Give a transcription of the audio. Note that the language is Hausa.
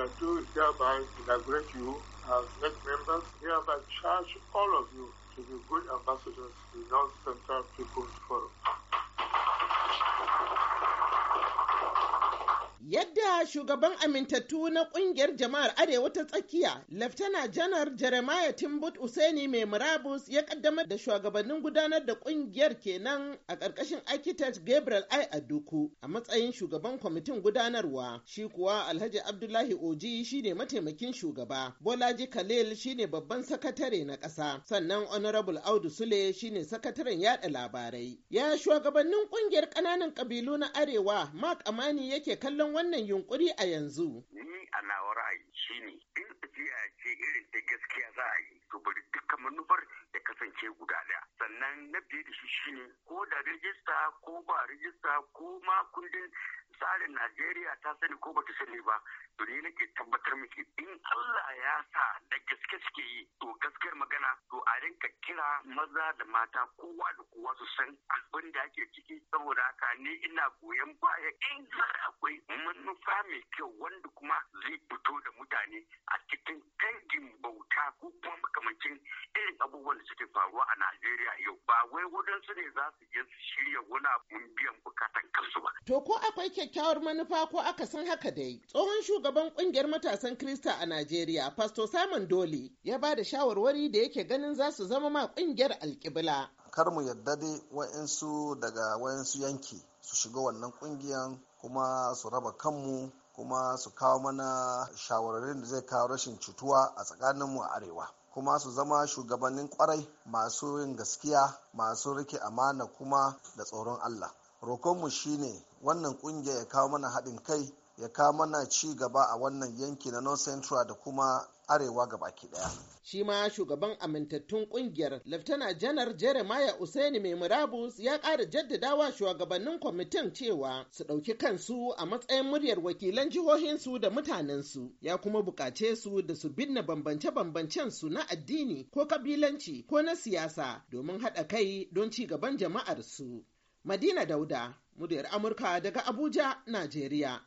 I do hereby inaugurate you as next members, hereby charge all of you to be good ambassadors to the North Central People's Forum. shugaban amintattu na kungiyar jama'ar Arewa ta tsakiya, Laftana Janar Jeremiah Timbut Useni mai murabus ya kaddamar da shugabannin gudanar da kungiyar kenan a ƙarƙashin architect Gabriel I Aduku a matsayin shugaban kwamitin gudanarwa. Shi kuwa Alhaji Abdullahi Oji shine mataimakin shugaba, Bolaji Khalil shine babban sakatare na ƙasa, sannan Honorable Audu Sule shine sakataren yada labarai. Ya shugabannin kungiyar ƙananan ƙabilu na Arewa, Mark Amani yake kallon wannan yunkuri yunkuri a yanzu? Ni a nawa ra'ayi ne. in a ce irin ta gaskiya za a yi to bari duka manufar da kasance guda ɗaya. Sannan na biyu da shi shi ne. ko da rijista ko ba rijista ko ma kundin tsarin Najeriya ta sani ko ba ta sani ba to ni nake tabbatar miki in Allah ya sa da gaske suke yi to gaskiyar magana to a rinka kira maza da mata kowa da kowa su san abin da ake ciki saboda haka ni ina goyon baya in har akwai manufa mai kyau wanda kuma zai fito da mutane a cikin dangin bauta ko kuma makamancin irin abubuwan da suke faruwa a Najeriya yau waɗansu ne za su je su shirya wani abun biyan bukatan kansu ba. To ko akwai kyakkyawar manufa ko aka san haka dai. Tsohon shugaban ƙungiyar matasan Kirista a Najeriya, Pastor Simon Dole, ya ba da shawarwari da yake ganin za su zama ma ƙungiyar alƙibla. Kar mu yarda dai wa'insu daga wa'insu yanki su shiga wannan kungiyan kuma su raba kanmu kuma su kawo mana shawararin da zai kawo rashin cutuwa a tsakaninmu a arewa. kuma su zama shugabannin kwarai masu yin gaskiya masu rike amana kuma da tsoron allah rokonmu shine wannan kungiya ya kawo mana haɗin kai ya kama mana ci gaba a wannan yanki na north central da kuma arewa ga baki daya. Shi ma shugaban amintattun kungiyar Laftana Janar Jeremiah Usaini mai murabus ya ƙara jaddadawa shugabannin kwamitin cewa su ɗauki kansu a matsayin muryar wakilan jihohinsu da mutanensu ya kuma buƙace su da su binne bambance-bambancen su na addini ko kabilanci ko na siyasa domin haɗa kai don ci gaban jama'ar su. Madina Dauda, muryar Amurka daga Abuja, Najeriya.